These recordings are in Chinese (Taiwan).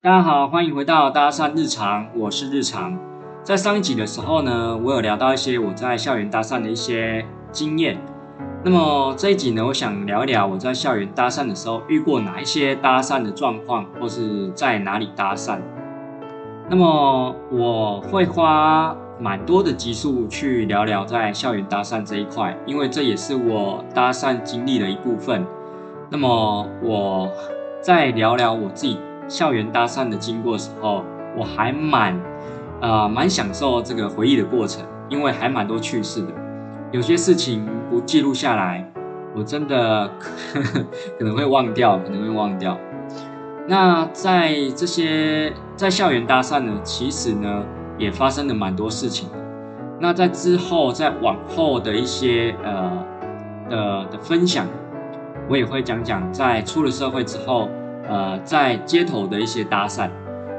大家好，歡迎回到搭訕日常，我是日常。在上一集的時候呢，我有聊到一些我在校園搭訕的一些經驗。那麼這一集呢，我想聊一聊我在校園搭訕的時候遇過哪一些搭訕的狀況，或是在哪裡搭訕。那麼我會花蠻多的集數，去聊聊在校園搭訕這一塊，因為這也是我搭訕經歷的一部分。那麼我再聊聊我自己校園搭訕的經過的時候，我還蠻啊蠻享受這個回憶的過程，因為還蠻多趣事的。有些事情不記錄下來，我真的可能會忘掉，可能會忘掉。那在這些在校園搭訕呢，其實呢。也發生了蠻多事情的，那在之後，在往後的一些呃的的分享，我也會講講在出了社會之後，呃，在街頭的一些搭訕。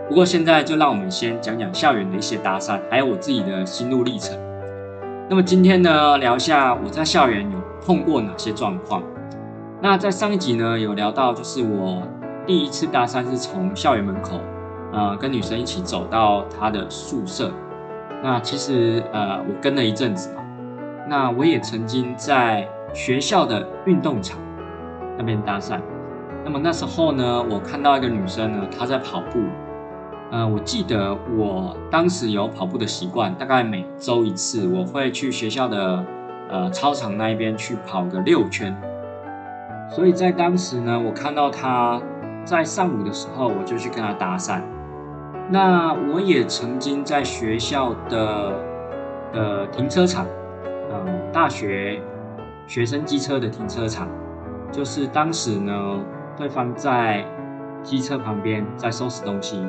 不過現在就讓我們先講講校園的一些搭訕，還有我自己的心路歷程。那麼今天呢，聊一下我在校園有碰過哪些狀況。那在上一集呢，有聊到就是我第一次搭訕是從校園門口。呃，跟女生一起走到她的宿舍。那其實呃，我跟了一陣子嘛。那我也曾經在學校的運動場那邊搭訕。那麼那時候呢，我看到一個女生呢，她在跑步。呃，我記得我當時有跑步的習慣，大概每週一次，我會去學校的呃操場那邊去跑個六圈。所以在當時呢，我看到她在上午的時候，我就去跟她搭訕。那我也曾經在學校的呃停車場，嗯、呃，大學學生機車的停車場，就是當時呢，對方在機車旁邊在收拾東西，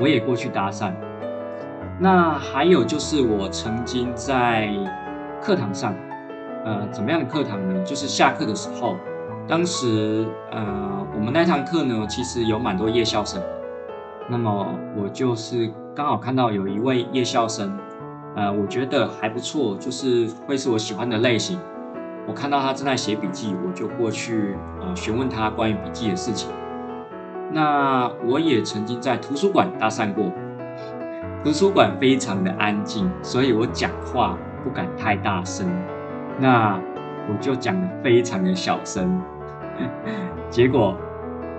我也過去搭訕。那還有就是我曾經在課堂上，呃，怎麼樣的課堂呢？就是下課的時候，當時，呃，我們那堂課呢，其實有蠻多夜校生。那麼我就是剛好看到有一位夜校生，呃，我覺得還不錯，就是會是我喜歡的類型。我看到他正在寫筆記，我就過去呃詢問他關於筆記的事情。那我也曾經在圖書館搭訕過，圖書館非常的安靜，所以我講話不敢太大聲，那我就講得非常的小聲，結果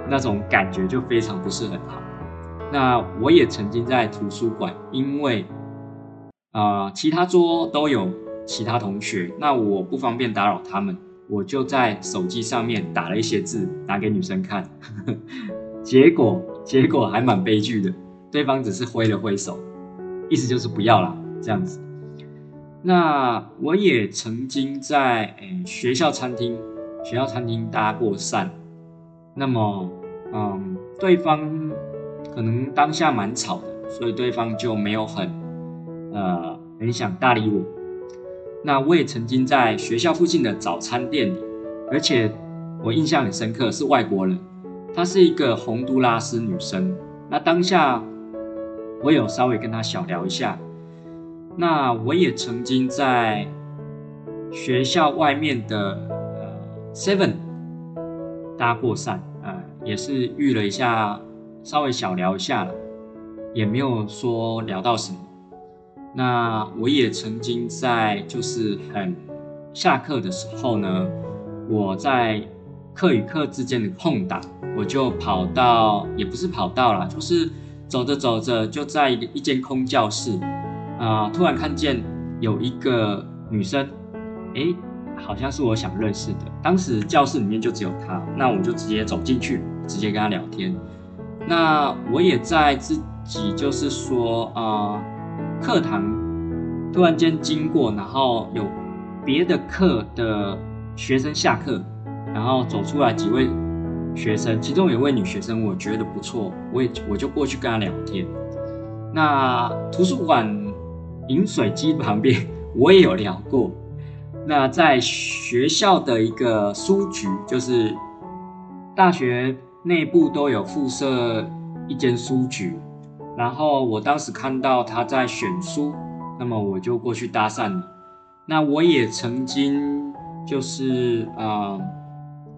那種感覺就非常不是很好。那我也曾經在圖書館，因為，啊、呃，其他桌都有其他同學，那我不方便打擾他們，我就在手機上面打了一些字，打給女生看， 結果結果還蠻悲劇的，對方只是揮了揮手，意思就是不要啦，這樣子。那我也曾經在誒、欸、學校餐廳，學校餐廳搭過訕，那麼，嗯、呃，對方。可能當下蠻吵的，所以對方就沒有很，呃，很想搭理我。那我也曾經在學校附近的早餐店裡，而且我印象很深刻是外國人，她是一個宏都拉斯女生。那當下我有稍微跟她小聊一下。那我也曾經在學校外面的呃 Seven 搭過訕，呃，也是遇了一下。稍微小聊一下了，也沒有說聊到什麼。那我也曾經在就是很下課的時候呢，我在課與課之間的空檔，我就跑到也不是跑到啦，就是走着走着就在一間空教室啊，突然看見有一個女生，欸，好像是我想認識的。當時教室裡面就只有她，那我就直接走進去，直接跟她聊天。那我也在自己，就是說，呃，課堂突然間經過，然後有別的課的學生下課，然後走出來幾位學生，其中有一位女學生，我覺得不錯，我也我就過去跟她聊天。那圖書館飲水機旁邊我也有聊過。那在學校的一個書局，就是大學。內部都有附設一間書局，然後我當時看到他在選書，那麼我就過去搭訕了，那我也曾經就是啊，呃，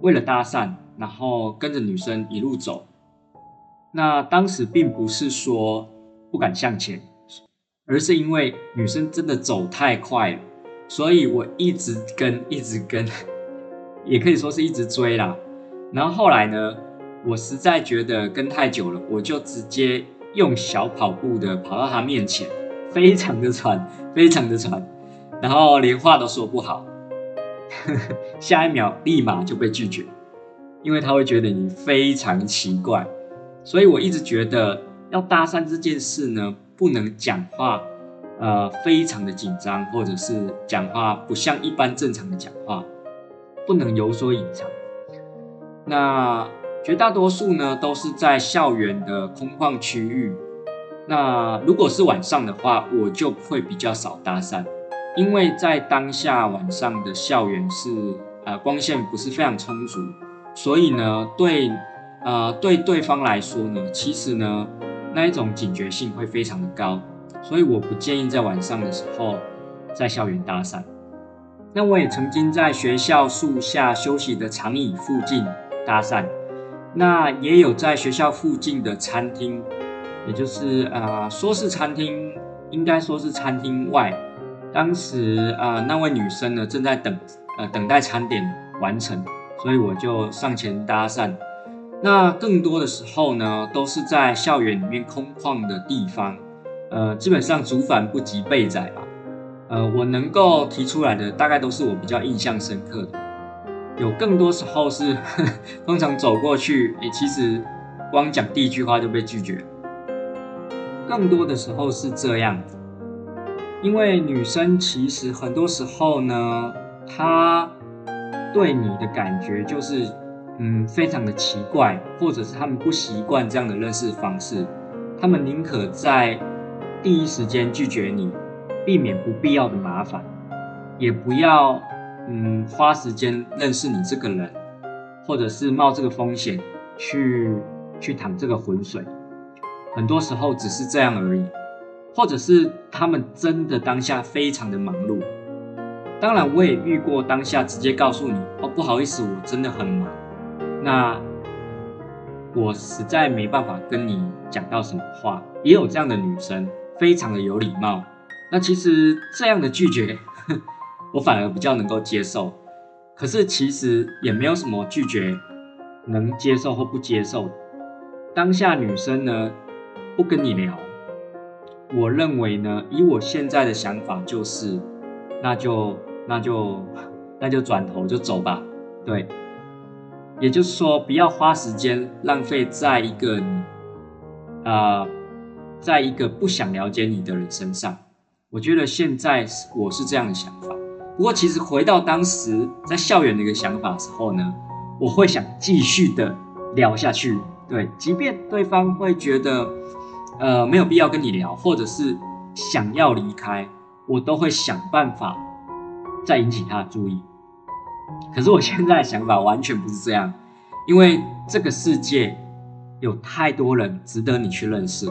為了搭訕，然後跟着女生一路走。那當時並不是說不敢向前，而是因為女生真的走太快了，所以我一直跟一直跟，也可以說是一直追啦。然後後來呢？我實在覺得跟太久了，我就直接用小跑步的跑到他面前，非常的喘，非常的喘，然後連話都說不好， 下一秒立馬就被拒絕，因為他會覺得你非常奇怪。所以我一直覺得要搭訕這件事呢，不能講話，呃，非常的緊張，或者是講話不像一般正常的講話，不能有所隱藏。那。絕大多數呢都是在校園的空曠區域。那如果是晚上的話，我就會比較少搭訕，因為在當下晚上的校園是呃光線不是非常充足，所以呢對呃對對方來說呢，其實呢那一種警覺性會非常的高，所以我不建議在晚上的時候在校園搭訕。那我也曾經在學校樹下休息的長椅附近搭訕。那也有在學校附近的餐廳，也就是呃說是餐廳，應該說是餐廳外。當時啊、呃、那位女生呢正在等，呃等待餐點完成，所以我就上前搭訕。那更多的時候呢都是在校園裡面空曠的地方，呃基本上族繁不及備載吧。呃我能夠提出來的大概都是我比較印象深刻的。有更多時候是，呵呵通常走過去，欸、其實光講第一句話就被拒絕。更多的時候是這樣子，因為女生其實很多時候呢，她對你的感覺就是，嗯，非常的奇怪，或者是她們不習慣這樣的認識方式，她們寧可在第一時間拒絕你，避免不必要的麻煩，也不要。嗯，花時間認識你這個人，或者是冒這個風險去去淌這個渾水，很多時候只是這樣而已，或者是他們真的當下非常的忙碌。當然，我也遇過當下直接告訴你，哦，不好意思，我真的很忙，那我實在沒辦法跟你講到什麼話。也有這樣的女生，非常的有禮貌。那其實這樣的拒絕。呵呵我反而比較能夠接受，可是其實也沒有什麼拒絕，能接受或不接受。當下女生呢，不跟你聊，我認為呢，以我現在的想法就是，那就那就那就轉頭就走吧。對，也就是說，不要花時間浪費在一個你啊、呃，在一個不想了解你的人身上。我覺得現在我是這樣的想法。不過，其實回到當時在校園的一個想法時候呢，我會想繼續的聊下去。對，即便對方會覺得，呃，沒有必要跟你聊，或者是想要離開，我都會想辦法再引起他的注意。可是我現在的想法完全不是這樣，因為這個世界有太多人值得你去認識，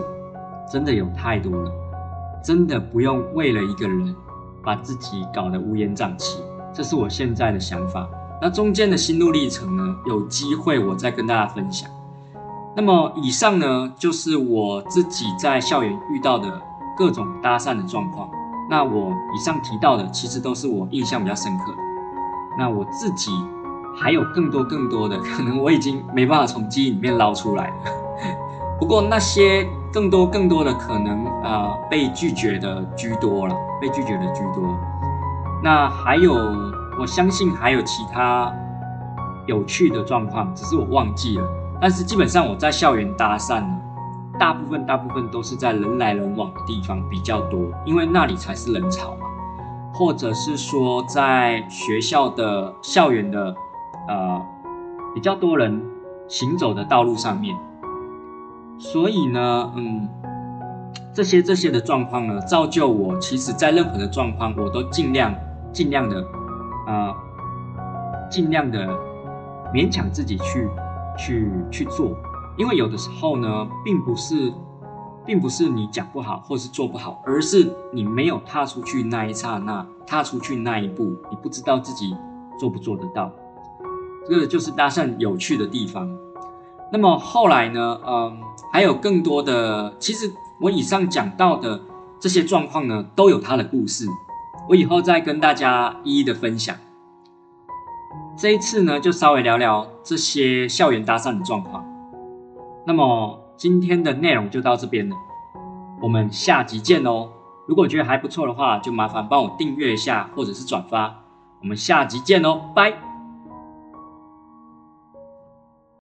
真的有太多了，真的不用為了一個人。把自己搞得烏煙瘴氣，這是我現在的想法。那中間的心路歷程呢？有機會我再跟大家分享。那麼以上呢，就是我自己在校園遇到的各種搭訕的狀況。那我以上提到的，其實都是我印象比較深刻的。那我自己還有更多更多的，可能我已經沒辦法從記憶裡面撈出來了。 不過那些更多更多的可能。呃，被拒絕的居多了，被拒絕的居多。那還有，我相信還有其他有趣的狀況，只是我忘記了。但是基本上我在校園搭訕呢，大部分大部分都是在人來人往的地方比較多，因為那裡才是人潮嘛，或者是說在學校的校園的呃比較多人行走的道路上面。所以呢，嗯。這些這些的狀況呢，造就我。其實，在任何的狀況，我都盡量、盡量的，啊、呃，盡量的勉強自己去、去、去做。因為有的時候呢，並不是，並不是你講不好或是做不好，而是你沒有踏出去那一剎那、踏出去那一步，你不知道自己做不做得到。這個就是搭訕有趣的地方。那麼後來呢，嗯、呃，還有更多的，其實。我以上講到的這些狀況呢，都有它的故事，我以後再跟大家一一的分享。這一次呢，就稍微聊聊這些校園搭訕的狀況。那麼今天的內容就到這邊了，我們下集見哦。如果覺得還不錯的話，就麻煩幫我訂閱一下或者是轉發。我們下集見哦，拜。